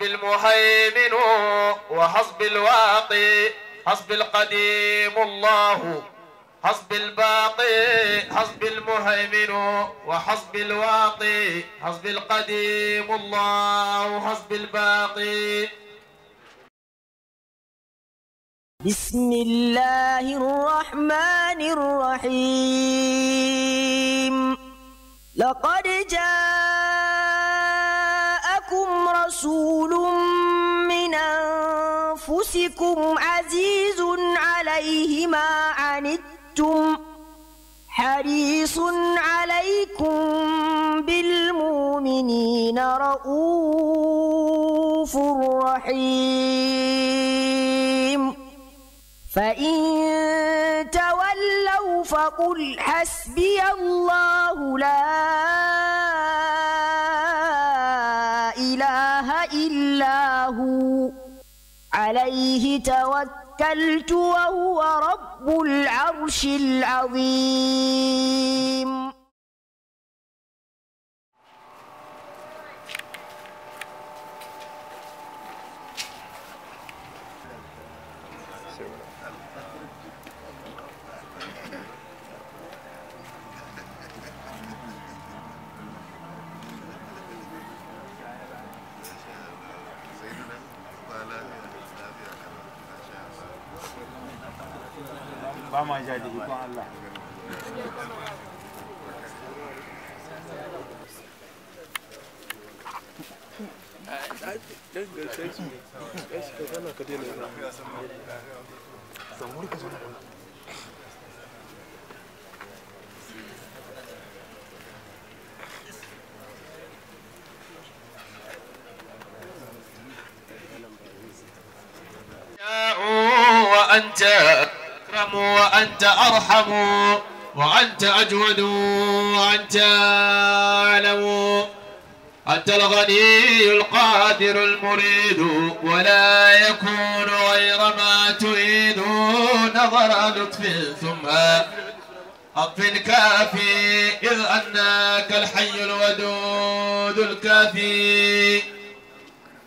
حسب المهيمن وحسب الواقي حسب القديم الله حسب الباقي حسب المهيمن وحسب الواقي حسب القديم الله حسب الباقي بسم الله الرحمن الرحيم لقد جاء رسول من أنفسكم عزيز عليه ما عنتم حريص عليكم بالمؤمنين رؤوف رحيم فإن تولوا فقل حسبي الله لا إله إلا هو عليه توكلت وهو رب العرش العظيم ba ma ja ikon ka وأنت أرحم وأنت أجود وأنت أعلم أنت الغني القادر المريد ولا يكون غير ما تريد نظر لطف ثم حظ كافي إذ أنك الحي الودود الكافي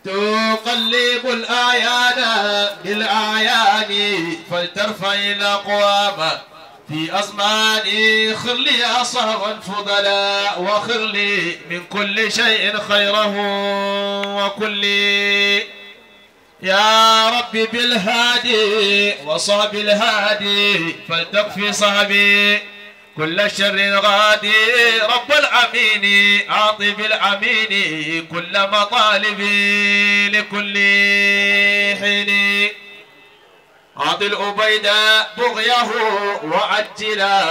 تقلب الأعيان بالأعيان فلترفع الأقوام في أزمان خلي أصحاب وخر لي من كل شيء خيره وكل يا ربي بالهادي وصاب الهادي فلتكفي صهبي كل شر غادي رب العمين أعطي بالعمين كل مطالبي لكل حين أعطي الأبيد بغيه وعجلا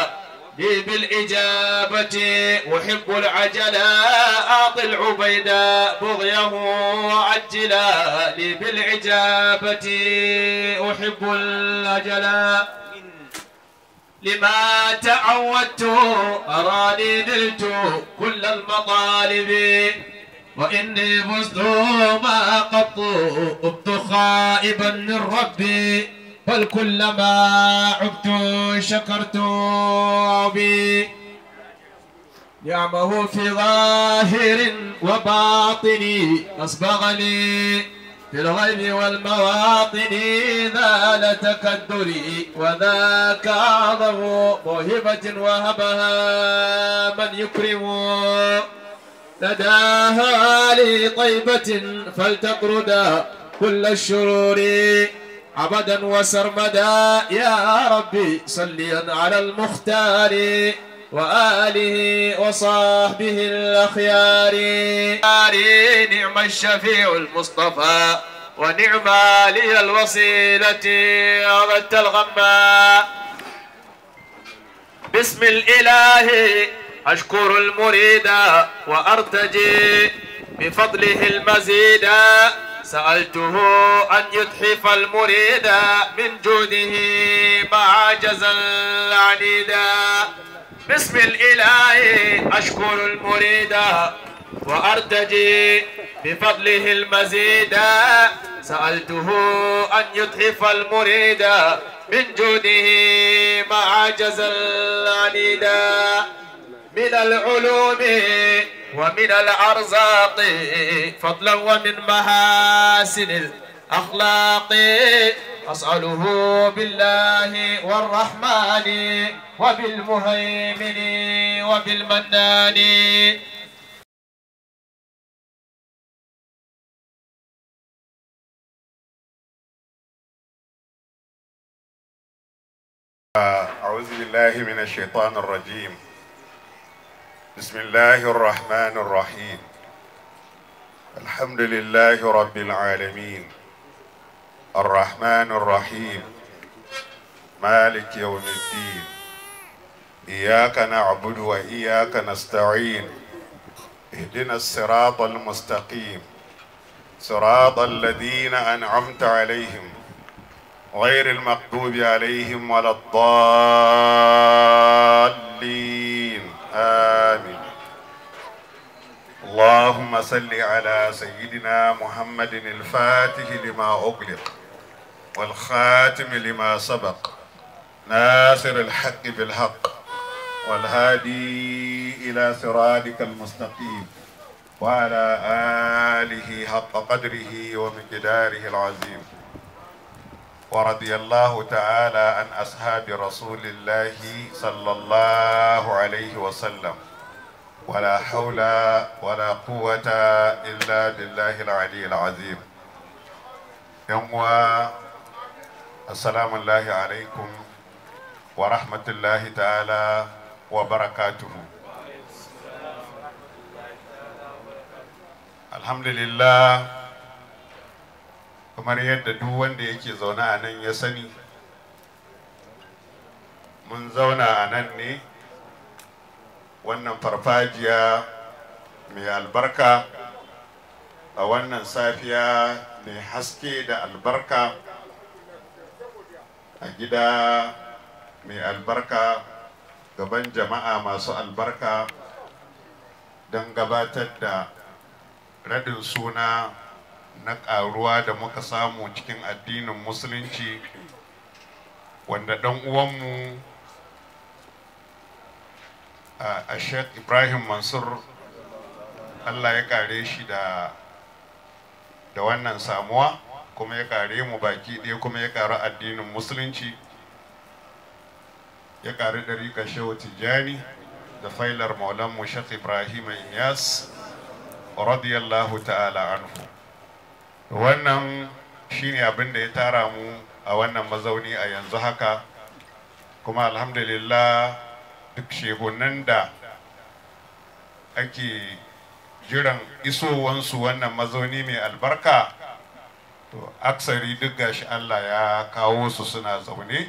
لي بالإجابة أحب العجلة أعطي العبيد بغيه وعجلا لي بالإجابة أحب العجلة لما تعودت أراني نلت كل المطالب وإني فزت ما قط أبت خائبا من ربي بل كلما عبت شكرت بي نعمه في ظاهر وباطني أصبغني في الغيب والمواطن ذا لتقدري وذاك أعظم موهبة وهبها من يكرم لداها لطيبة فلتقردا كل الشرور عبدا وسرمدا يا ربي صليا على المختار وآله وصحبه الأخيار نعم الشفيع المصطفى ونعم لي الوصيلة أردت الغماء باسم الإله أشكر المريد وأرتجي بفضله المزيد سألته أن يتحف المريد من جوده ما عجز العنيد باسم الإله أشكر المريد وأرتجي بفضله المزيد سألته أن يتحف المريد من جوده ما عجز العنيد من العلوم ومن الأرزاق فضلا ومن محاسن أخلاقي أسأله بالله والرحمن وبالمهيمن وبالمنان أعوذ بالله من الشيطان الرجيم بسم الله الرحمن الرحيم الحمد لله رب العالمين الرحمن الرحيم مالك يوم الدين إياك نعبد وإياك نستعين اهدنا الصراط المستقيم صراط الذين أنعمت عليهم غير المقبوب عليهم ولا الضالين آمين اللهم صل على سيدنا محمد الفاتح لما أغلق والخاتم لما سبق ناصر الحق بالحق والهادي إلى صراطك المستقيم وعلى آله حق قدره ومقداره العظيم ورضي الله تعالى عن أصحاب رسول الله صلى الله عليه وسلم ولا حول ولا قوة إلا بالله العلي العظيم يوم assalamu alaikum wa rahmatullahi ta'ala wa barakatu. alhamdulillah kamar yadda duk wanda yake zaune a nan ya sani mun zauna a nan ne wannan farfajiya mai albarka a wannan safiya mai haske da albarka a gida mai albarka gaban jama'a masu albarka don gabatar da raɗin suna na ƙaruwa da muka samu cikin addinin musulunci wanda ɗan uwanmu a sheikh ibrahim mansur allah ya kare shi da wannan samuwa kuma ya kare mu baki ɗaya kuma ya kare addinin musulunci ya kare ɗarika shehu tijjani da failar maulan mu shek ibrahim inyas radiyallahu ta'ala anhu wannan shine abin da ya tara mu a wannan mazauni a yanzu haka kuma alhamdulillah duk shehunan da ake jiran isowansu wannan mazauni mai albarka to aksari duk gashi Allah ya kawo su suna zaune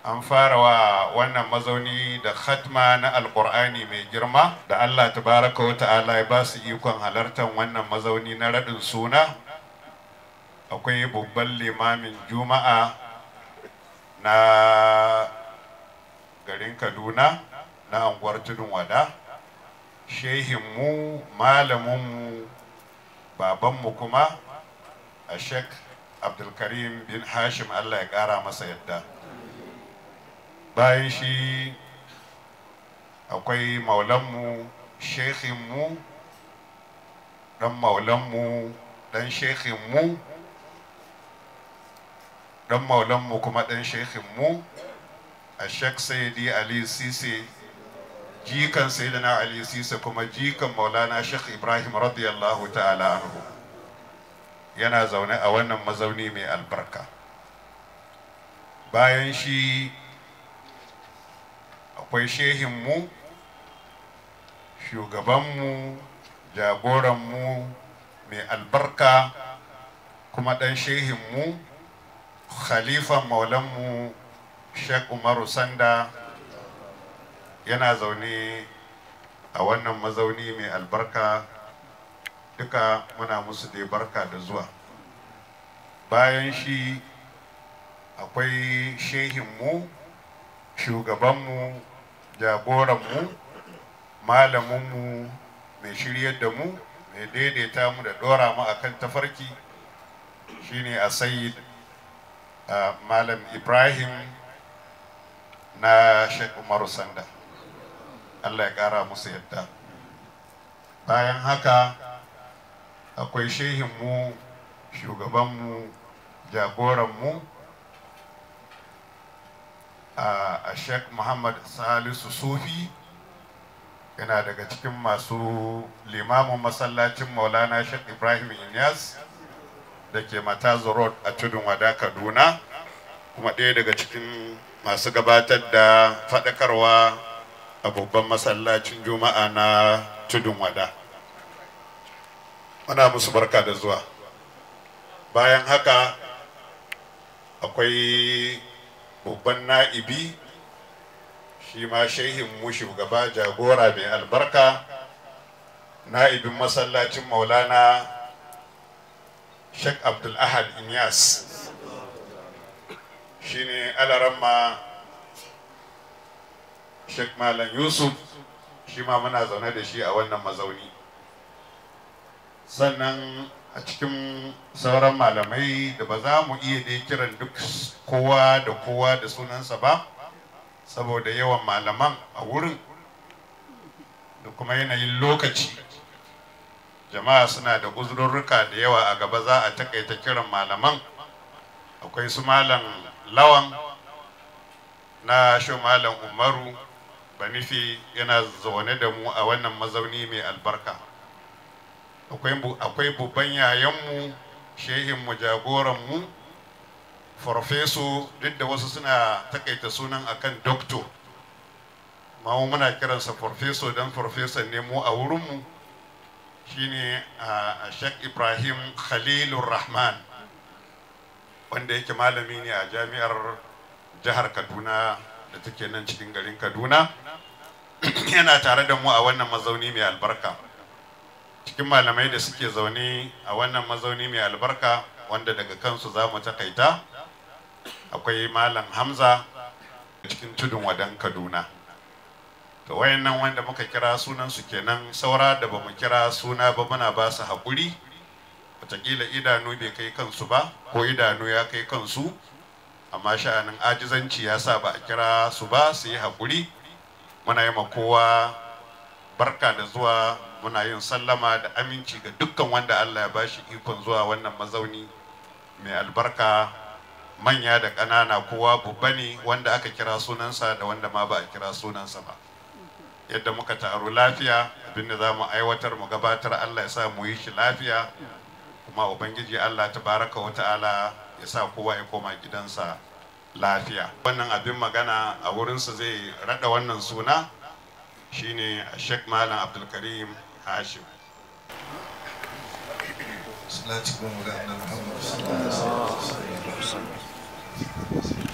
an fara wa wannan mazauni da khatma na alkur'ani mai girma da Allah tabaraka wa ta'ala ya ba su ikon halartar wannan mazauni na raɗin suna akwai babban limamin juma'a na garin kaduna na anguwar tudun wada shehinmu malaminmu babanmu kuma a sheik abdulkarim bin hashim allah ya ƙara masa yadda bayan shi akwai maulanmu shekhinmu ɗan maulanmu ɗan shekhinmu ɗan maulanmu kuma ɗan shekhinmu a shek sayyidi ali sise jikan sayyidina ali sise kuma jikan maulana shekh ibrahim radiyallahu ta'ala anhu yana zaune a wannan mazauni mai albarka bayan shi akwai shehinmu shugabanmu jagoranmu mai albarka kuma ɗan shehinmu khalifan maulanmu sheikh umaru sanda yana zaune a wannan mazauni mai albarka duka muna musu da barka da zuwa bayan shi akwai shehinmu shugabanmu jagoranmu malaminmu mai shiryar da mu mai daidaita mu da dora mu akan tafarki shine a sayid malam ibrahim na sheikh umaru sanda allah ya kara musu yadda bayan haka akwai shehinmu shugabanmu jagoranmu a sheikh muhammad salisu sufi yana daga cikin masu limamin masallacin maulana sheikh ibrahim inyas da ke matazu road a tudun wada kaduna kuma ɗaya daga cikin masu gabatar da faɗakarwa a babban masallacin juma'a na tudun wada muna musu barka da zuwa bayan haka akwai babban na'ibi shi ma mu shugaba jagora mai albarka na'ibin masallacin maulana sheikh abdul ahad inyas shine alaramma sheikh malam yusuf shi ma muna zaune da shi a wannan mazauni sannan a cikin sauran malamai da ba za mu iya dai kiran duk kowa da kowa da sunansa ba saboda yawan malaman a wurin da kuma yanayin lokaci jama'a suna da uzurruka da yawa a gaba za a takaita kiran malaman akwai su malam lawan na sho malam umaru banifi yana zaune da mu a wannan mazauni mai albarka akwai babban yayanmu shehinmu jagoranmu farfeso duk da wasu suna takaita sunan akan doktor mamu muna kiransa farfeso don farfesa ne mu a wurinmu shine a shek ibrahim khalilur rahman wanda yake malami ne a jami'ar jihar kaduna da take nan cikin garin kaduna yana tare da mu a wannan mazauni mai albarka cikin malamai da suke zaune a wannan mazauni mai albarka wanda daga kansu za mu takaita akwai malam hamza cikin tudun wadan kaduna to wayannan wanda muka kira sunan su kenan saura da bamu kira suna ba muna ba su haƙuri watakila idanu bai kai kansu ba ko idanu ya kai kansu amma sha'anin ajizanci ya sa ba a kira su ba su yi haƙuri muna yi ma kowa barka da zuwa muna yin sallama da aminci ga dukkan wanda Allah ya bashi ikon zuwa wannan mazauni mai albarka manya da ƙanana kowa babba ne wanda aka kira sunansa da wanda ma ba a kira sunansa ba yadda muka taru lafiya abinda za mu aiwatar mu gabatar Allah ya sa mu yi shi lafiya kuma ubangiji Allah ta baraka wa ta'ala ya sa kowa ya koma gidansa lafiya wannan abin magana a wurinsa zai rada wannan suna shine Sheikh Malam Abdulkarim Hashim salati kuma ga annabi Muhammad sallallahu alaihi wasallam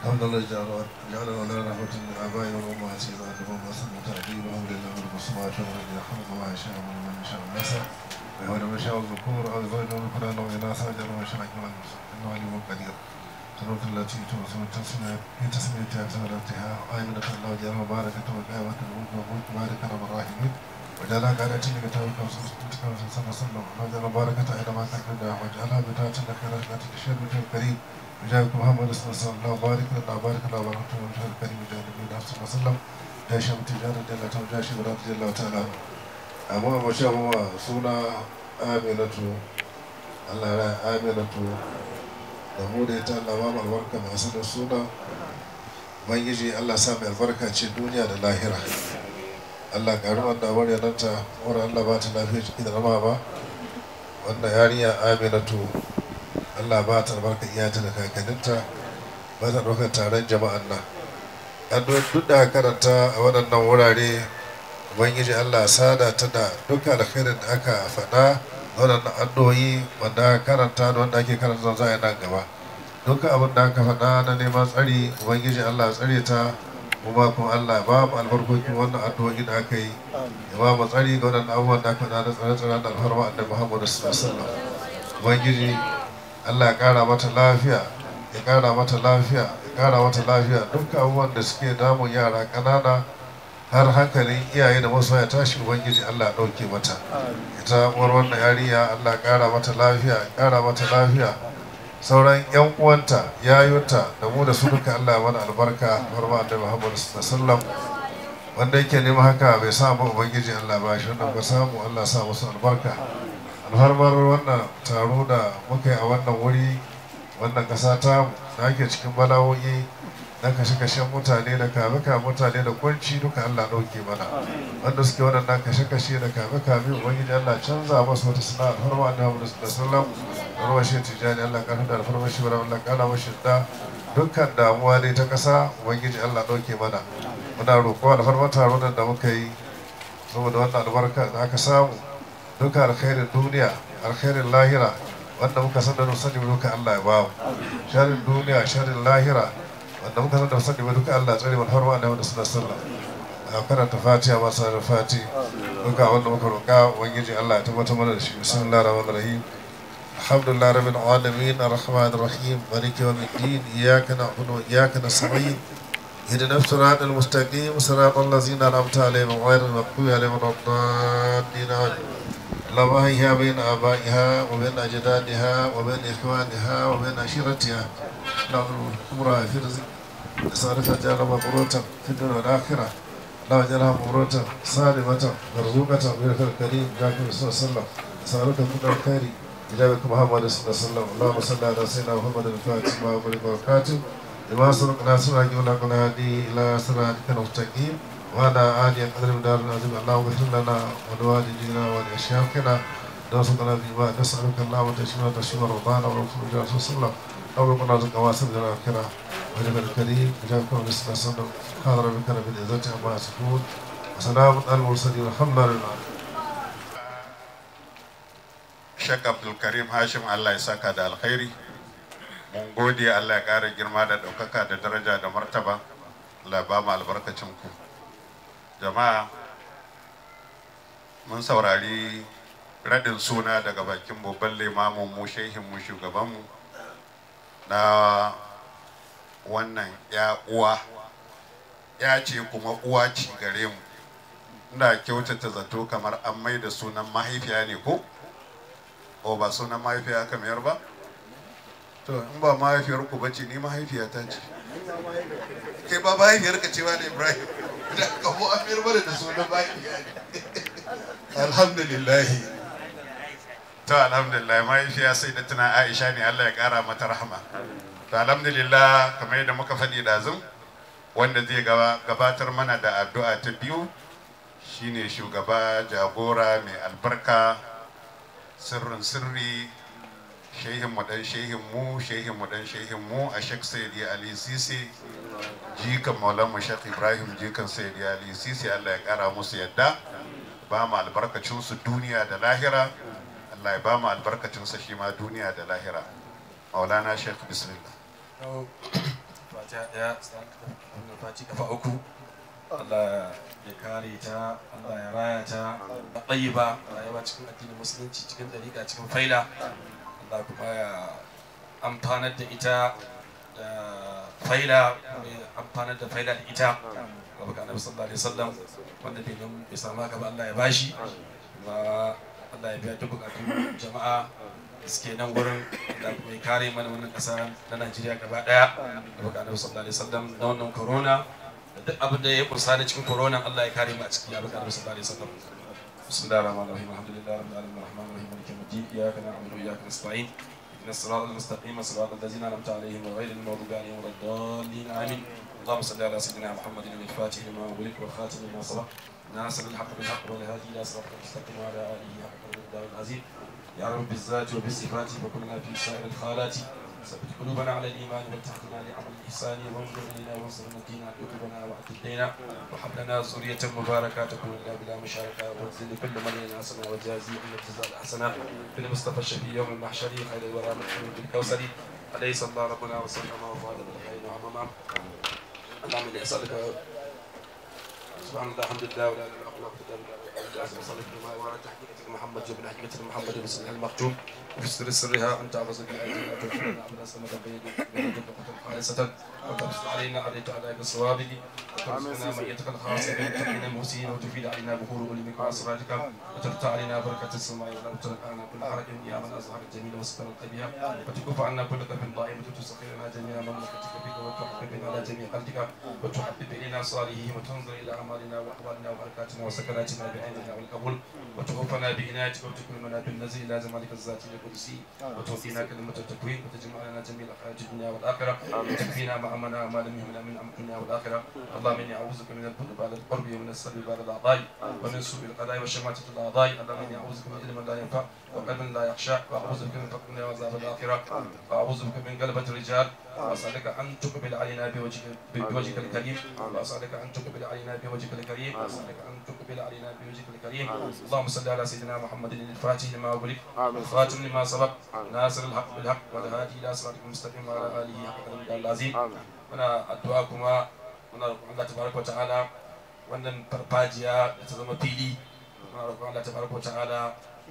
الحمد لله جعل جعل لنا رحمة لآبائنا وأمهاتنا وأنبوابنا وتعذيبهم لله والمصمات ومن يحرم ما يشاء ومن يشاء نسى ويولي من شاء الذكور أو يزوج من فلان أو إناث ويجعل من شاء أجمل إنه عليم قدير تبارك التي تؤثر من تسميتها بسببها آمنة الله جل مباركة وقامة المؤمن مباركة الراحمين وجعلها قاعدة لكتابك وسنتك وسنة وسلم وجعل مباركة حينما تكلمنا وجعلها بداية لك رحمتك الشر من الكريم وجاءك محمد صلى الله عليه وسلم بارك لنا بارك لنا بارك لنا الكريم وجعل النبي صلى الله عليه وسلم جاء شمت جل جل وجاء شمرات جل وتعالى amma mace mawa suna aminatu allah ra aminatu da mu da ita allah babu albarka masu da suna bangiji allah sa mai albarka ce duniya da lahira allah karu wanda wani ta wani allah ba ta lafiya da rama ba wannan yarinya aminatu allah ba ta albarka iyata da kakanninta ba ta ɗaukar taron jama'an nan an duk da karanta a waɗannan wurare ubangiji allah sada ta da duka alkhairin da aka faɗa waɗannan addu'o'i wanda karanta da wanda ake karanta za a yi nan gaba duka abin da aka faɗa na neman tsari ubangiji allah tsare ta kuma kuma allah ba mu albarkokin wannan addu'o'i da aka yi ya ba mu tsari ga waɗannan abubuwan da aka faɗa na tsare da alfarma annabi muhammadu sallallahu alaihi ubangiji allah ya ƙara mata lafiya ya ƙara mata lafiya ya ƙara mata lafiya duka abubuwan da suke damun yara ƙanana har hankalin iyaye da wasu ya tashi ubangiji Allah ya ɗauke mata ita uwar wannan yariya Allah ƙara mata lafiya ƙara mata lafiya sauran yan uwanta yayunta da mu da su duka Allah ya mana albarka har da Muhammad sallallahu wanda yake neman haka bai samu ubangiji Allah ba shi wannan ba samu Allah sa musu albarka alfarmar wannan taro da muka yi a wannan wuri wannan kasa ta da ake cikin bala'o'i na kashe-kashen mutane da kabe ka mutane da kunci duka Allah dauke mana wanda suke waɗannan kashe-kashe da kabe kabe ubangiji Allah canza masu wata suna alfarma da abu da sallam alfarma shi tijani Allah ka da alfarma shi bara Allah ƙara mashi da dukkan damuwa ne ta ƙasa ubangiji Allah dauke mana muna roƙo alfarma taron da muka yi saboda wannan albarka da aka samu duka alkhairin duniya alkhairin lahira wanda muka sanar da duka Allah ya mu. sharin duniya sharin lahira wanda muka da sani ba duka Allah tsari mana harwa da wanda suna sallah a karanta fatiha masu da fati duka wanda muka roƙa ubangiji Allah ya tabbatar mana da shi bismillahir rahmanir rahim alhamdulillahi rabbil alamin arrahmanir rahim maliki yawmiddin iyyaka na'budu wa iyyaka nasta'in اهدنا الصراط المستقيم صراط الذين أنعمت عليهم غير المغضوب عليهم ولا الضالين اللهم هيها بين آبائها وبين أجدادها وبين إخوانها وبين عشيرتها اللهم أمرها في رزق صالحة جعلها مبروتا في الدنيا والآخرة اللهم اجعلها مبروتا سالمة مرزوقة بذكر الكريم جاكم صلى الله عليه وسلم سألك من الخير إجابة محمد صلى الله عليه وسلم اللهم صل على سيدنا محمد الفاتح وما أمر لما سبقنا سبحانك ولا قنادي إلى صراطك المستقيم وعلى آله قدر من دار العظيم اللهم اغفر لنا ولوالدينا ولأشياخنا نرزقنا بما نسألك الله وتشفينا تشفي رضانا ورسول الله صلى الله عليه وسلم أمرنا رزقا واسعا الآخرة وجب الكريم جاكم رزقا صدق قال ربك رب العزة عما يصفون وسلام على المرسلين الحمد لله Sheikh Abdul Karim Hashim Allah ya saka da alkhairi mun gode Allah ya ƙara girma da ɗaukaka da daraja da martaba Allah ba albarkacin ku jama'a mun saurari raɗin suna daga bakin babban limamin mu shehin mu shugaban mu na wannan ya uwa ya ce kuma uwa ci gare mu ina kyautata zato kamar an mai da sunan mahaifiya ne ko ba sunan mahaifiya kamar ba to in ba mahaifiyar ku bace ni mahaifiyata ce ke ba mahaifiyar ka ce wani ibrahim da ka mu amir bada da sunan mahaifiya ne to alhamdulillah mahaifiya sai da tana aisha ne allah ya kara mata rahama to alhamdulillah kamar yadda muka faɗi ɗazun wanda zai gabatar mana da addu'a ta biyu shine shugaba jagora mai albarka sirrin sirri shehin mu dan shehin mu shehin mu dan shehin mu a shek Sayyidi Ali Sisi jikan mu shek Ibrahim jikan Sayyidi Ali Sisi Allah ya kara musu yadda ba mu albarkacin su duniya da lahira Allah ya ba mu albarkacin sa shi ma duniya da lahira Maulana Sheikh bismillah Allah ya kare ta Allah ya raya ta tsayi ba ba cikin addinin musulunci cikin dariƙa cikin faila Allah kuma ya amfanar da ita da faila amfanar da faila da ita ga baka annabi sallallahu alaihi wasallam wanda bai don bai samu haka ba Allah ya bashi Ba Allah ya biya duk bukatun jama'a suke nan gurin da kuma kare mana wannan kasa na Najeriya gaba daya ga baka annabi sallallahu alaihi wasallam na wannan corona duk abin da ya kusa da cikin corona Allah ya kare mu a ciki ya baka annabi sallallahu alaihi wasallam بسم الله الرحمن الرحيم الحمد لله رب العالمين الرحمن الرحيم مالك يوم الدين اياك نعبد واياك نستعين اهدنا الصراط المستقيم صراط الذين انعمت عليهم غير المغضوب عليهم ولا الضالين امين اللهم صل على سيدنا محمد الفاتح لما ولد والخاتم لما صلى ناصر الحق بالحق والهادي الى صراط المستقيم وعلى اله حق الدار العزيز يا رب بالذات وبالصفات وكلنا في سائر الخالات ثبت قلوبنا على الايمان والتحقنا لعمل الاحسان وانظر الينا وانصر مدينا قلوبنا واعتدينا وحب لنا ذريه مباركه تكون لنا بلا مشاركه وانزل لكل من لنا حسنه وجازي ان الجزاء الحسنه في المصطفى الشفي يوم المحشر خير الورى من حلول الكوثر اليس الله ربنا وسلم وفاد بالخير وعمما اللهم اني اسالك سبحان الله الحمد لله ولا اله الا الله وحده لا شريك له وعلى تحقيقه محمد وبن حقيقه محمد وسلم المختوم وفي سرها أن تعبس بأيدينا وتنفعنا عملا سمدا بيدك بيدك خالصة وتبسط علينا عليك على بصوابك وترزقنا ميتك الخاصة بالمتقين المحسنين وتفيد علينا بخور علمك وأسرارك وترفع علينا بركة السماء والأرض وترفع عنا كل حرج يا من أظهر الجميل وستر القبيح وتكف عنا كل قلب ضائم وتسخر لنا جميع مملكتك بك وتحببنا على جميع خلقك وتحبب إلينا صالحهم وتنظر إلى أعمالنا وأحوالنا وبركاتنا وسكناتنا بعيننا والقبول وتغفنا بإنايتك وتكرمنا بالنزيل لا زمالك الذاتي البوليسي وتوفينا كلمة التكوين وتجمع لنا جميع الحاجات الدنيا والآخرة وتكفينا مع ما ما لم يهمنا من أمر الدنيا والآخرة اللهم إني أعوذ بك من الذنوب بعد القرب ومن السر بعد الأعضاء ومن سوء القضاء وشماتة الأعضاء اللهم إني أعوذ بك من علم لا ينفع وقلب لا يخشع وأعوذ بك من فقر الدنيا وعذاب الآخرة وأعوذ بك من قلبة الرجال وأسألك أن تقبل علينا بوجهك بوجهك الكريم وأسألك أن تقبل علينا بوجهك الكريم وأسألك أن تقبل علينا بوجهك الكريم اللهم صل على سيدنا محمد الفاتح لما أغلق الخاتم لما سبق ناصر الحق بالحق والهادي إلى صراطك المستقيم وعلى آله حق قدره العظيم أنا أدعوكما أنا muna roƙon Allah tabaraka wa ta'ala wannan farfajiya da ta zama fili muna roƙon Allah tabaraka wa ta'ala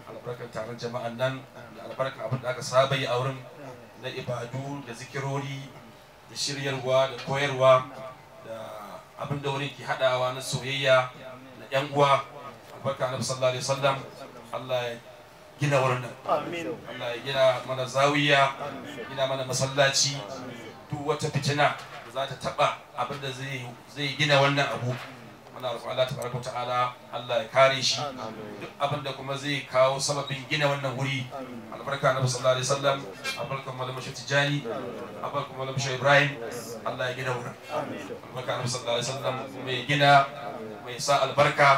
albarkar taron jama'an nan da albarkar abin da aka saba yi a wurin na ibadu da zikirori da shiryarwa da koyarwa da abin da wani ke haɗawa na soyayya na yan uwa abubakar na sallallahu alaihi wasallam Allah ya gina wurin nan Allah ya gina mana zawiya gina mana masallaci duk wata fitina za ta taba abin da zai gina wannan abu Allah roƙon Allah tabaraka ta'ala Allah ya kare shi duk abin da kuma zai kawo sababin gina wannan wuri albarka na sallallahu alaihi wasallam albarka malam shi tijani albarka malam shi ibrahim Allah ya gina wurin albarka na sallallahu alaihi wasallam kuma ya gina kuma ya sa albarka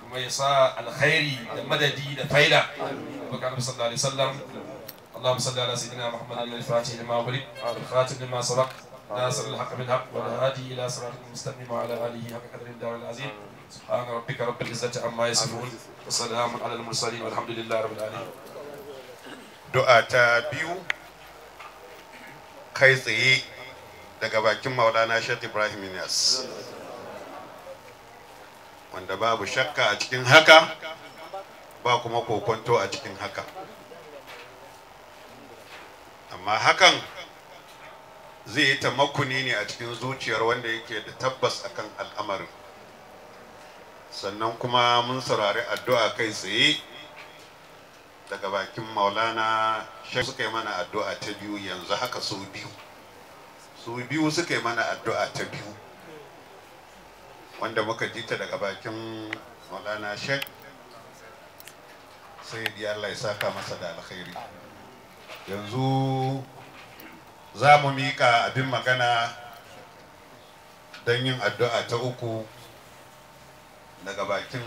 kuma ya sa alkhairi da madadi da faida albarka na sallallahu alaihi wasallam اللهم صل على سيدنا محمد الفاتح لما أغلق الخاتم لما سبق ناصر الحق بالحق والهادي الى صراط المستقيم وعلى اله حق قدر الدار العظيم سبحان ربك رب العزه عما يصفون وسلام على المرسلين والحمد لله رب العالمين دعاء تابيو kai tsaye daga bakin maulana shat ibrahim yas wanda babu shakka a cikin haka ba kuma kokonto a cikin haka amma hakan zai yi ta makuni ne a cikin zuciyar wanda yake da tabbas akan al'amarin sannan kuma mun saurari addu'a kai tsaye daga bakin maulana shek suka yi mana addu'a ta biyu yanzu haka su biyu su biyu suka yi mana addu'a ta biyu wanda muka ji ta daga bakin maulana shek sai ya Allah ya saka masa da alkhairi yanzu za mu miƙa abin magana don yin addu'a ta uku daga bakin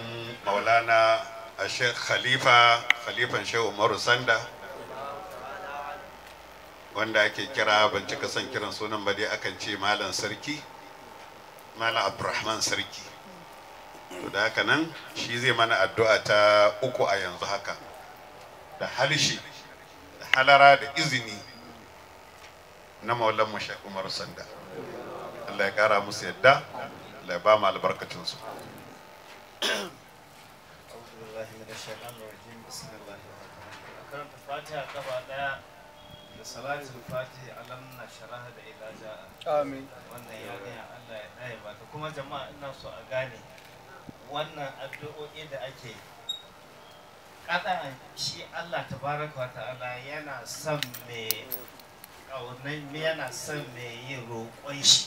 maulana a khalifa khalifan shehu umaru sanda wanda ake kira ban cika son kiran sunan ba dai akan ce malam sarki malam abdurrahman sarki to da haka nan shi zai mana addu'a ta uku a yanzu haka da halishi da halara da izini na maulan mu Sheikh Umar Sanda Allah ya kara musu yadda Allah ya ba mu albarkacin su da salatul fatihi alam na sharaha da ila ja'a amin wannan ya ga Allah ya dai ba ta kuma jama'a ina so a gane wannan addu'o'i da ake kada shi Allah tabaraka wa ta'ala yana son me ƙaunar yana son mai yin roƙon shi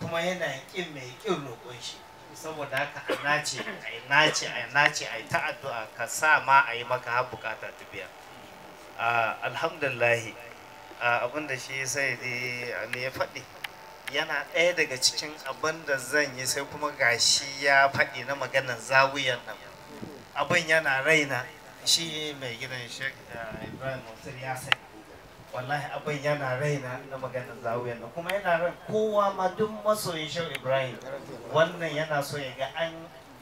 kuma yana ƙin mai ƙin roƙon shi saboda haka a nace a nace a nace a ta addu'a ka sa ma a yi maka ha bukata ta biya alhamdulillah abin da shi sai ne ya faɗi yana ɗaya daga cikin abin da zan yi sai kuma gashi ya faɗi na maganar zawiyan nan abin yana raina shi mai gidan shek eh, ibrahim mansur ya sani wallahi abin yana raina na maganar zawiyar nan kuma yana ran kowa ma duk masoyin ibrahim wannan yana so ya ga an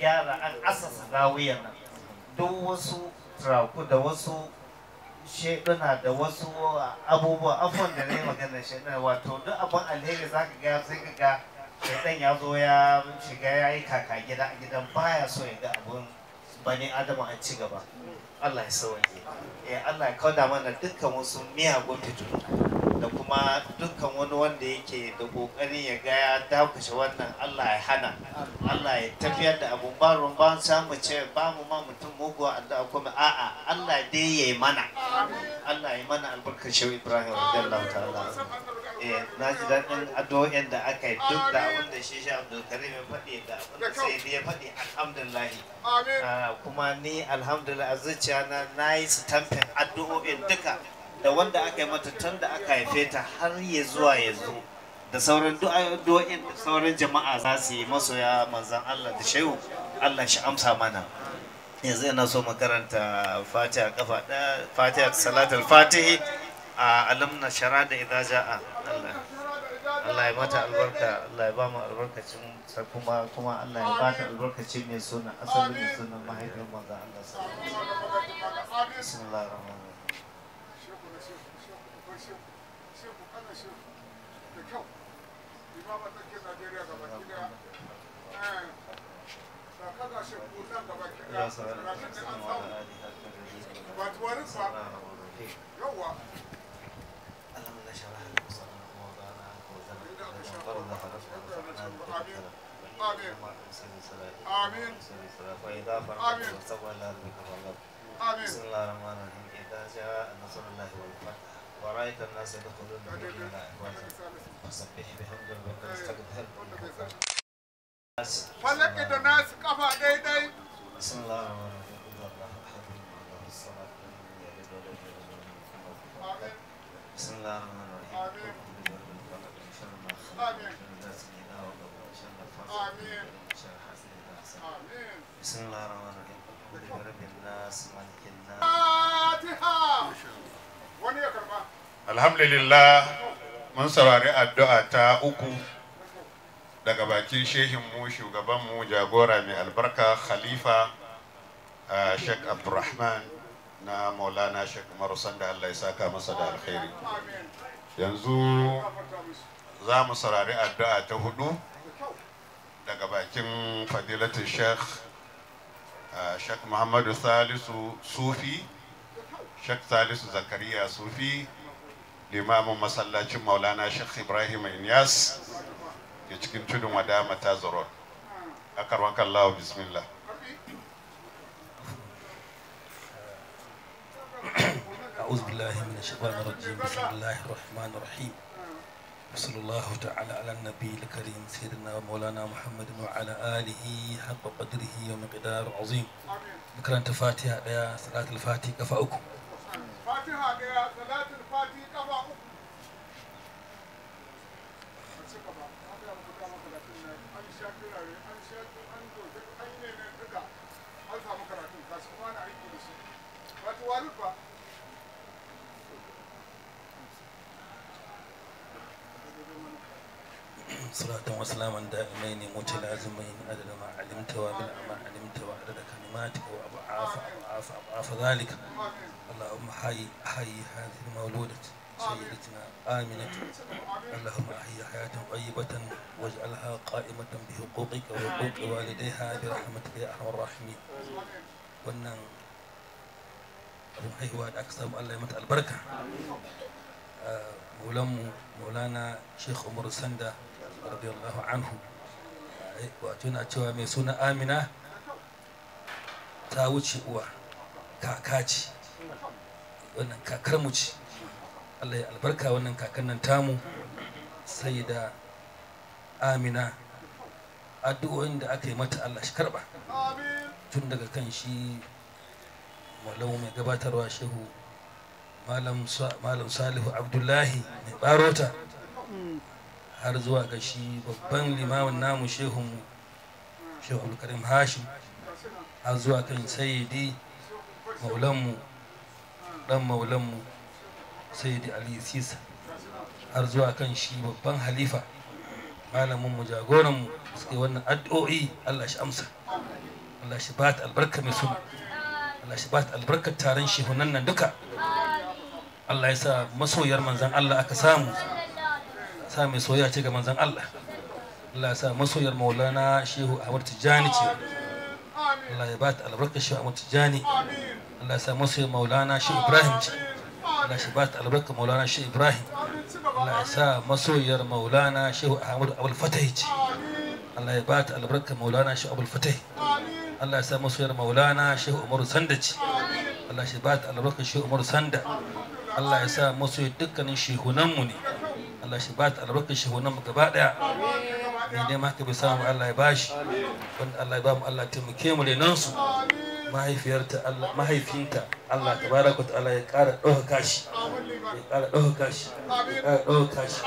gyara an asasa zawiyar nan duk wasu turaku da wasu sheduna da wasu abubuwa afon da ne maganar sheduna wato duk abin alheri za ka ga sai ka ga shaidan ya zo ya shiga ya yi kaka gida a gidan baya so ya ga abin bani adama an ci gaba Allah ya sauke eh Allah ya kauda mana dukkan wasu miyagun fitinu da kuma dukkan wani wanda yake da kokari ya ga ya dakushe wannan Allah ya hana Allah ya tafiyar da abun ba rumban samu ce ba mu ma mutum mugu addu'a kuma a'a Allah dai yayi mana Allah ya mana albarkar shehu Ibrahim radiyallahu ta'ala eh na ji daɗin addu'o'in da aka yi duk da abin da shi shi Abdul Karim ya faɗi da abin da sai ya faɗi alhamdulillah ah, kuma ni alhamdulillah a zuciya na na yi stamping addu'o'in duka da wanda aka yi mata tun da aka haife ta har ya zuwa yanzu da sauran du'a'in da sauran jama'a za su yi masoya manzan Allah da shehu Allah shi amsa mana yanzu yana so makaranta fatiha kafa ɗaya fatiha salatul fatihi a alamna shara da idan ja'a Allah Allah ya mata albarka Allah ya ba mu albarkacin sa kuma kuma Allah ya bata albarkacin mai suna asalin mai suna mahaifin manzan Allah sallallahu alaihi wasallam bismillahir rahmanir شيخ شيخ وكذا شيخ da kyau imama ta ke najeriya gaba kida da kaga shi kunan gaba kida karatun da an samu ba tuwarin ba yawwa اللهم لا شرح لك وصلنا ووضعنا وزمنا وقرنا ونفعنا وفعنا آمين آمين وإذا فرحت وصلى الله بك والله بسم الله الرحمن الرحيم إذا جاء نصر الله والفتح ورأيت الناس يدخلون في دين أفواجا فسبح بحمد ربك واستغفره فلقد alhamdulillah mun saurari addu'a ta uku daga bakin shehinmu shugabanmu jagora mai albarka khalifa sheikh abdurrahman na maulana sheikh marusan da allah ya saka masa da alkhairi yanzu za mu saurari addu'a ta hudu daga bakin fadilatin sheikh sheikh muhammadu salisu sufi sheikh salisu zakariya sufi limamin masallacin maulana sheikh ibrahim inyas ke cikin tudun wada mata zarot a karwan kallawa bismillah أعوذ بالله من الشيطان الرجيم بسم الله الرحمن الرحيم صلى الله تعالى على النبي الكريم سيدنا مولانا محمد وعلى آله حق قدره ومقدار عظيم ذكرا فاتحة صلاة الفاتحة كفاؤكم فاتحة صلاة ci gaba na ga da muku an sha an sha an an ne ne duka an samu karatu ga su kuma na aiki da shi wato waru ba وسلاما دائمين متلازمين عدد ما علمت علمت وعدد كلماتك ذلك اللهم حي حي هذه سيدتنا آمنة اللهم أحيي حياة طيبة واجعلها قائمة بحقوقك وحقوق والديها برحمتك يا أرحم الراحمين wannan abin haihuwa da aka samu Allah ya mata albarka mu maulana sheikh umar sanda radiyallahu anhu wato na cewa mai suna amina ta wuce uwa kaka wannan mu ce Allah ya albarka wannan kakannin tamu sai da amina addu'o'in da aka yi mata Allah shi karba tun daga kan shi malamu mai gabatarwa shehu malam salihu abdullahi mai barota har zuwa ga shi babban limamin namu shehu shehu karim hashim har zuwa kan sayyidi maulanmu dan maulanmu sayyidi ali sisa har zuwa kan shi babban halifa malamin mu jagoran mu suke wannan addu'o'i Allah shi amsa Allah shi bata albarka mai suna Allah shi bata ta albarkar taron shehunan nan duka Allah ya sa masoyar manzon Allah aka samu sa mai soyayya ce ga manzon Allah Allah ya sa masoyar maulana shehu Ahmad Tijani ce Allah ya bata ta albarkar shehu Ahmad Tijani Allah ya sa masoyar maulana shehu Ibrahim ce Allah shi ba ta albarka maulana shi ibrahim Allah ya sa masoyar maulana shehu ahmadu abul fatai ce Allah ya ba ta albarka maulana shehu abul fatai Allah ya sa masoyar maulana shehu umaru sanda ce Allah shi ba ta albarka shehu umaru sanda Allah ya sa masoyar dukkanin shehunanmu ne Allah shi ba ta albarka shehunanmu gaba daya mai nema ka bi samu Allah ya bashi wanda Allah ya ba mu Allah taimake mu renansu mahaifiyarta Allah mahaifinka Allah tabaraka ta'ala ya ƙara ɗaukaka shi ya shi ya shi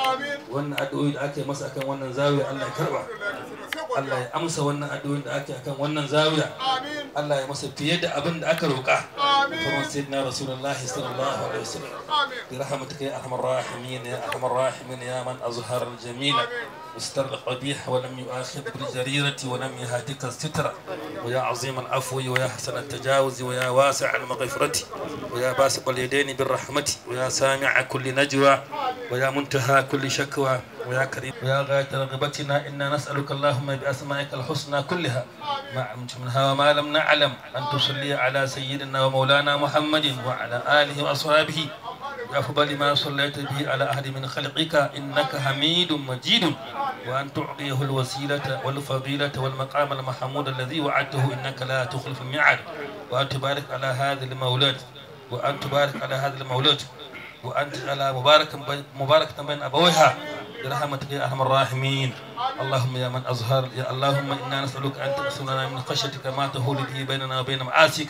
wannan addu'o'i da aka yi masa akan wannan zawiya Allah ya karba Allah ya amsa wannan addu'o'in da aka yi akan wannan zawiya Allah ya masa fiye da abin da aka roka kamar sayyidina rasulullahi sallallahu alaihi wasallam bi rahmatika ya arhamar rahimin ya arhamar rahimin ya man azhar al-jamila استر قبيح ولم يؤاخذ بالجريرة ولم يهاتك السترة ويا عظيم العفو ويا حسن التجاوز ويا واسع المغفرة ويا باسق اليدين بالرحمة ويا سامع كل نجوى ويا منتهى كل شكوى ويا كريم ويا غاية رغبتنا إنا نسألك اللهم بأسمائك الحسنى كلها ما علمت منها وما لم نعلم أن تصلي على سيدنا ومولانا محمد وعلى آله وأصحابه أفضل ما صليت به على أحد من خلقك إنك حميد مجيد وأن تعطيه الوسيلة والفضيلة والمقام المحمود الذي وعدته إنك لا تخلف الميعاد وأن تبارك على هذا المولود وأن تبارك على هذا المولود وأجعل مباركا مباركة بين أبويها برحمتك يا أرحم الراحمين اللهم يا من أظهر يا اللهم إنا نسألك أن تكسرنا من خشيتك ما تهول به بيننا وبين معاصيك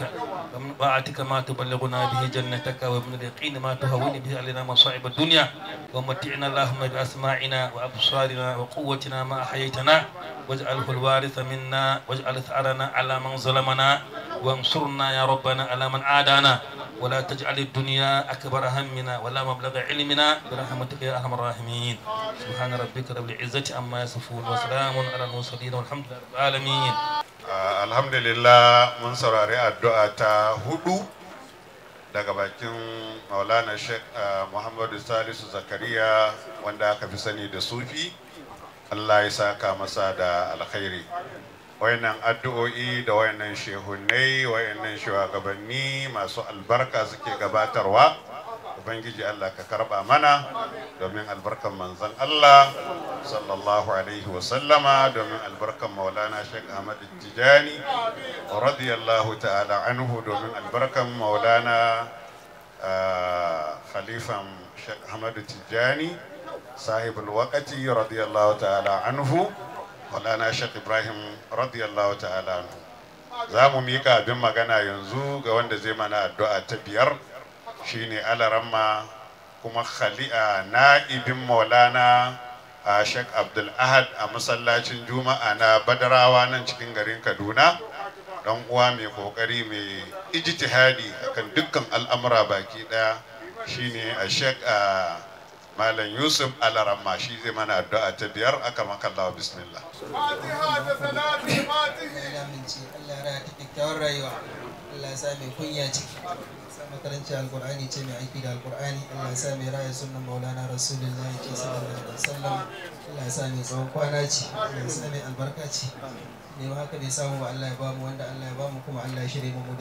ومن طاعتك ما تبلغنا به جنتك ومن اليقين ما تهون به علينا مصائب الدنيا ومتعنا اللهم بأسماعنا وأبصارنا وقوتنا ما أحييتنا واجعله الوارث منا واجعل ثأرنا على من ظلمنا وانصرنا يا ربنا على من عادانا ولا تجعل الدنيا أكبر همنا ولا مبلغ علمنا برحمتك يا أرحم الراحمين سبحان ربك رب العزة عما يصفون وسلام على المرسلين والحمد لله رب العالمين الحمد لله من سراري الدعاء هدو daga bakin maulana sheikh muhammadu salisu zakariya wanda aka fi sani da sufi allah ya saka masa da alkhairi wayannan addu'o'i da wayannan shehunai wayannan shugabanni masu albarka suke gabatarwa ubangiji Allah ka karba mana domin albarkan manzon Allah sallallahu alaihi wasallama domin albarkan maulana Sheikh Ahmad Tijani radiyallahu ta'ala anhu domin albarkan maulana ah, khalifan Sheikh Ahmad Tijani sahibul waqati radiyallahu ta'ala anhu maulana shek ibrahim radiyallahu ta'ala anhu za mu mika abin magana yanzu ga wanda zai mana addu'a ta biyar shine alaramma kuma khali'a na'ibin maulana a shek abdul ahad a masallacin juma'a na badarawa nan cikin garin kaduna dan uwa mai kokari mai ijtihadi akan dukkan al'amura baki daya shine a shek a malam yusuf alaramma shi zai mana addu'a ta biyar aka makalla bismillah fatiha da fatihi Allah ya rayuwa Allah ya sa mai kunya ce sa ce mai aiki da Al'ƙur'ani. Allah ya sa mai sunan maulana rasulullahi ce sallallahu alaihi Allah sa mai tsawon kwana ce Allah sa mai albarka ce ne ma haka bai samu ba Allah ya ba mu wanda Allah ya ba mu kuma Allah ya mu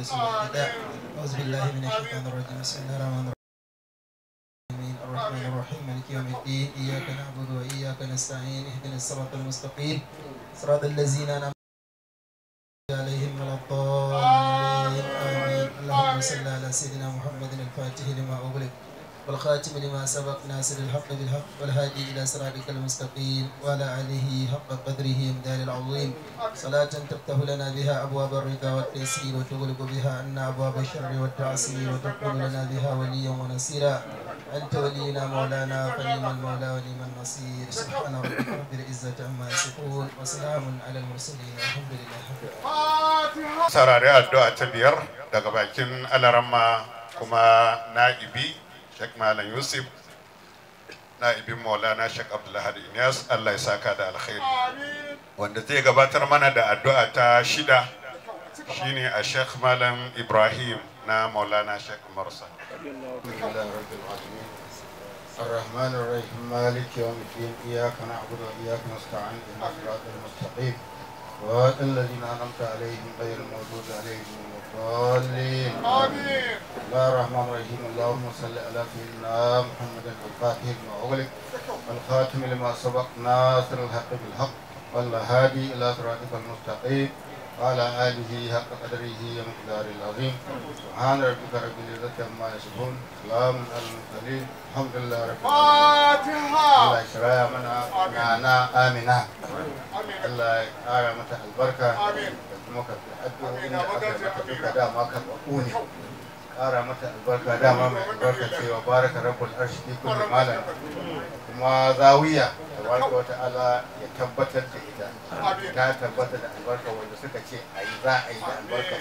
da su الرحمن الرحيم مالك يوم الدين إياك نعبد وإياك نستعين اهدنا الصراط المستقيم صراط الذين أنعمت عليهم ولا الضالين آمين اللهم صل على والخاتم لما سبق ناصر الحق بالحق والهادي إلى صراطك المستقيم وعلى عليه حق قدره امدال العظيم صلاة تفتح لنا بها أبواب الرضا والتيسير وتغلق بها عنا أبواب الشر والتعسير وتكون لنا بها وليا ونصيرا أنت ولينا مولانا فنعم المولى ونعم النصير سبحان ربك رب العزة عما يصفون وسلام على المرسلين الحمد لله سراري الدعاء تبير daga bakin alarama kuma Sheikh Malam Yusuf na'ibin Maulana Sheikh Abdullahi Inyas Allah ya saka da alkhairi wanda zai gabatar mana da addu'a ta shida shine a Sheikh Malam Ibrahim na Maulana Sheikh Marsa الرحمن الرحيم مالك يوم الدين إياك نعبد وإياك نستعين إنك المستقيم وآت الذين أنعمت عليهم غير الموجود عليهم الضالين آمين بسم الله الرحمن الرحيم اللهم صل على سيدنا محمد الفاتح المغلق الخاتم لما سبق ناصر الحق بالحق والهادي إلى صراطك المستقيم وعلى آله حق قدره ومقدار العظيم سبحان ربك رب العزة عما يصفون سلام على المرسلين الحمد لله رب العالمين الله يشفع منا آمنا آمنا الله يقارمك البركة آمين kuma da aka mata dama karɓaɓɓu ne ƙara mata albarka dama mai albarka cewa baraka rabbul arshi fi kulli malam kuma zawiya tabaraka wa ta'ala ya tabbatar da ita ta tabbata da albarka wanda suka ce a yi za a yi da albarka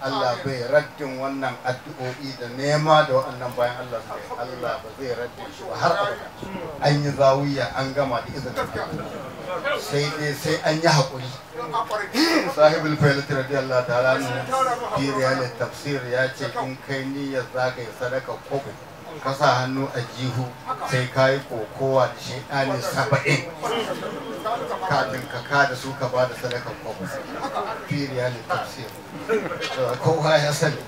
Allah bai raddin wannan addu'o'i da nema da waɗannan bayan Allah su Allah ba zai raddin shi ba har abada an yi zawiya an gama da izinin Allah sai dai sai an yi haƙuri sahibul failat radiyallahu ta'ala fi ne tafsir ya ce in kai niyya za ka yi sadaka kobo ka sa hannu a jihu sai ka yi kokowa da shaidani saba'in kafin ka ka da su ka ba da sadaka kobo fi ne tafsir kowa ya sani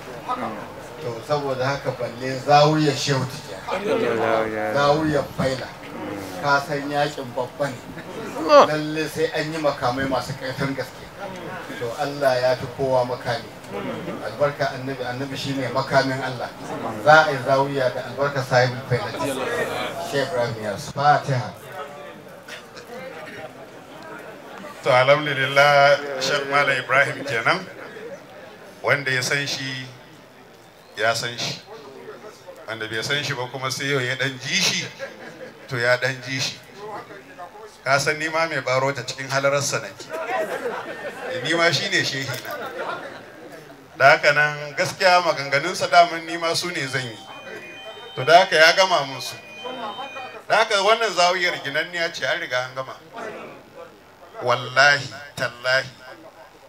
to saboda haka balle zawuyar shehu tijiya zawuyar faila ka san yakin babban ne lalle sai an yi makamai masu ƙarfin gaske to Allah ya fi kowa makami albarka annabi annabi shine makamin Allah za a yi zawiya da albarka sahibul failati shek ramiyas fatiha to alhamdulillah shek mala ibrahim kenan wanda ya san shi ya san shi wanda bai san shi ba kuma sai yau ya dan ji shi to ya dan ji shi ka san ni ma mai baro ta cikin halarar sanaki ni ma shine shehi na da haka nan gaskiya maganganun sa daman ni ma su ne zan yi to da haka ya gama mun su da haka wannan zawiyar ginanniya ce an riga an gama wallahi tallahi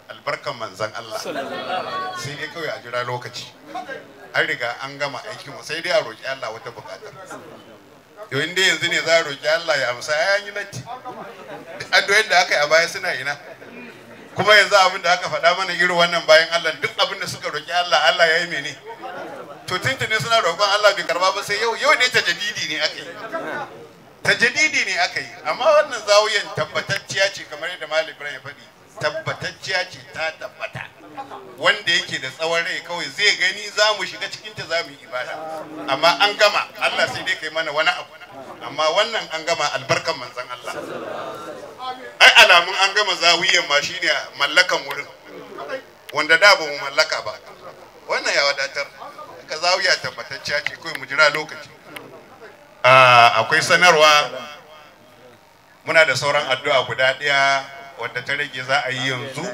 albarkan manzan Allah sai dai kawai a jira lokaci an riga an gama aikin sai dai a roƙi Allah wata buƙatar Yoyin inda yanzu ne za a roƙi Allah ya amsa ya yi latti addu'ar da aka yi a baya suna ina kuma yanzu abin da aka faɗa mana irin wannan bayan Allah duk abin da suka roƙi Allah Allah ya yi mene to tuntuni suna roƙon Allah bai karba ba sai yau yau ne jadidi ne aka yi Ta jadidi ne aka yi amma wannan zawiyan tabbatacciya ce kamar yadda Malik Ibrahim ya faɗi tabbatacciya ce ta tabbata wanda yake da tsawon rai kawai zai gani za mu shiga cikinta za mu yi ibada amma an gama Allah sai dai kai mana wani abu amma wannan an gama albarkan manzan Allah ai alamun an gama zawiyan ma shine mallakan wurin wanda da ba mu mallaka ba wannan ya wadatar ka zawiya tabbatacciya ce kawai mu jira lokaci ah, akwai sanarwa muna da sauran addu'a guda ɗaya wadda ta rage za a yi yanzu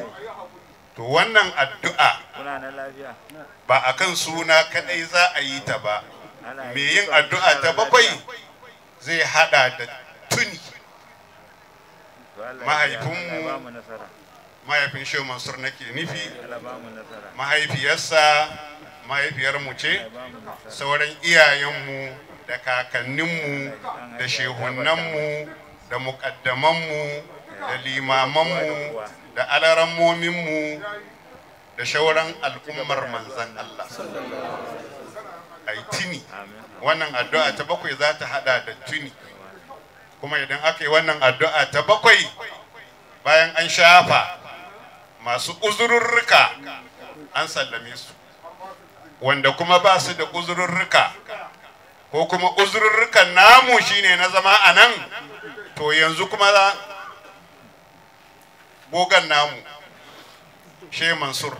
to wannan addu'a ba a kan suna kaɗai za a yi ta ba me yin addu'a ta bakwai zai hada da tuni mahaifinmu mahaifin shehu mansur nake nufi mahaifiyarsa mahaifiyarmu ce sauran iyayenmu da kakanninmu da shehunanmu da mukaddamanmu da limamanmu da alarammominmu da shauran al'ummar manzan Allah. Aitini. Amin. wannan addu'a ta bakwai za ta hada da tuni kuma idan aka yi wannan addu'a ta bakwai bayan an shafa masu uzururruka an sallame su wanda kuma ba su da uzururruka ko kuma uzururrukan namu shine na zama a nan to yanzu kuma bogan namu shi mansur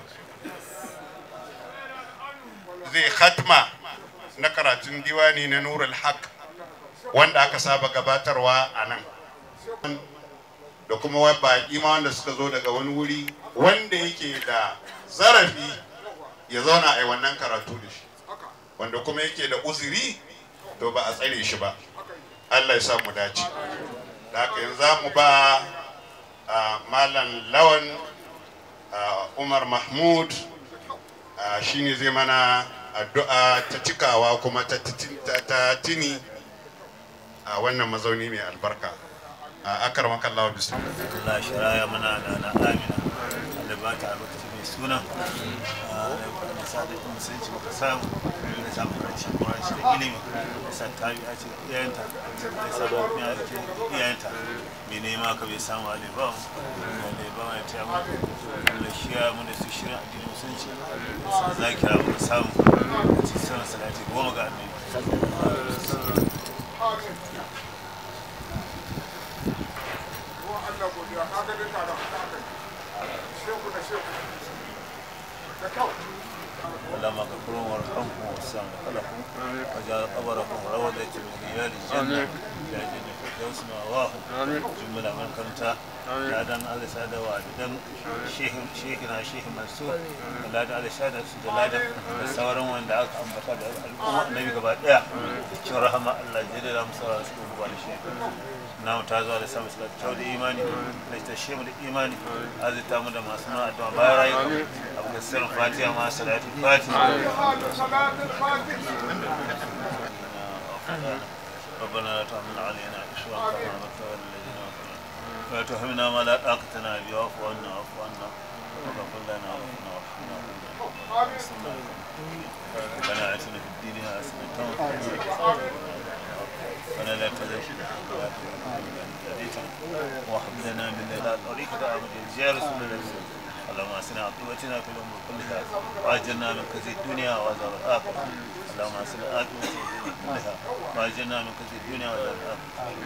zai khatma na karatun diwani na nurul haq wanda aka saba gabatarwa a nan da kuma baƙi ma wanda suka zo daga wani wuri wanda yake da zarafi ya zauna a wannan karatu da shi wanda kuma yake da uzuri to ba a tsare shi ba allah ya sa mu dace da haka yanzu za mu ba malam lawan umar mahmud shine zai mana addu'a ta cikawa kuma ta tini a wannan mazauni mai albarka a akar makallawa bisu. Allah sunan ah, da sadatun musulunci muka samu samu da san a iyayenta iyayenta mai nema ka bai samu alibawa alibawa ya taya mu da su sun samu a salati goma ga annabi Allah godiya ka ga da da اللهم اغفرهم وارحمهم واسلام خلقهم وجعل قبركم روضة من ريال الجنة لأجل الفردوس مأواهم جملة من كنت لادن على سادة وعددن شيخ شيخنا شيخ منصور لادن على سادة سادة لادن السوارة وين دعاك أم بكاد الأمة النبي قبل إيه شو رحمة الله جل رحمة الله سبحانه وتعالى namu ta zuwa da sama kyau da imani da ta shi mu da imani azita mu da masu mana addu'a bayan rayuwa abu da sirrin fatiha ma salatul fatiha ربنا لا تحمل علينا إشرا كما حملت على الذين ولا تحملنا ما لا طاقة لنا به واعف عنا واعف عنا واغفر لنا وارحمنا وارحمنا ربنا آتنا في الدنيا حسنة وفي الآخرة فلا وحدنا بالله أريك يا رسول الله اللهم اعسنا عقوبتنا في الامور كلها واجرنا من كذي الدنيا وعذاب الاخره اللهم اعسنا عقوبتنا في الامور كلها واجرنا من كذي الدنيا وعذاب الاخره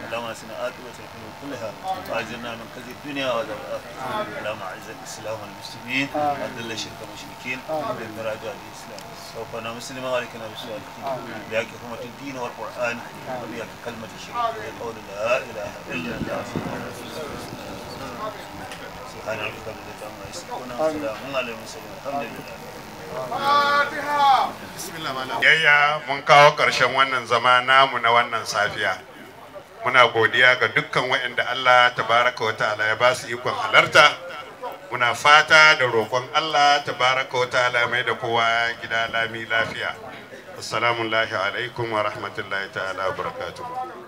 اللهم اعسنا عقوبتنا في الامور كلها واجرنا من كذي الدنيا وعذاب الاخره اللهم اعز الاسلام والمسلمين واذل الشرك والمشركين بالدرجه الاسلام سوف توفنا مسلما وعليكنا بالصالحين بحق حكمة الدين والقران وبحق كلمه الشريف وقول لا اله الا الله Yayya mun kawo ƙarshen wannan zama namu na wannan safiya. Muna godiya ga dukkan waɗanda Allah tabaraka wa ta'ala ya ba su ikon halarta. Muna fata da roƙon Allah tabaraka wa ta'ala mai da kowa gida lami lafiya. Assalamu alaikum wa rahmatullahi ta'ala wa barakatuhu.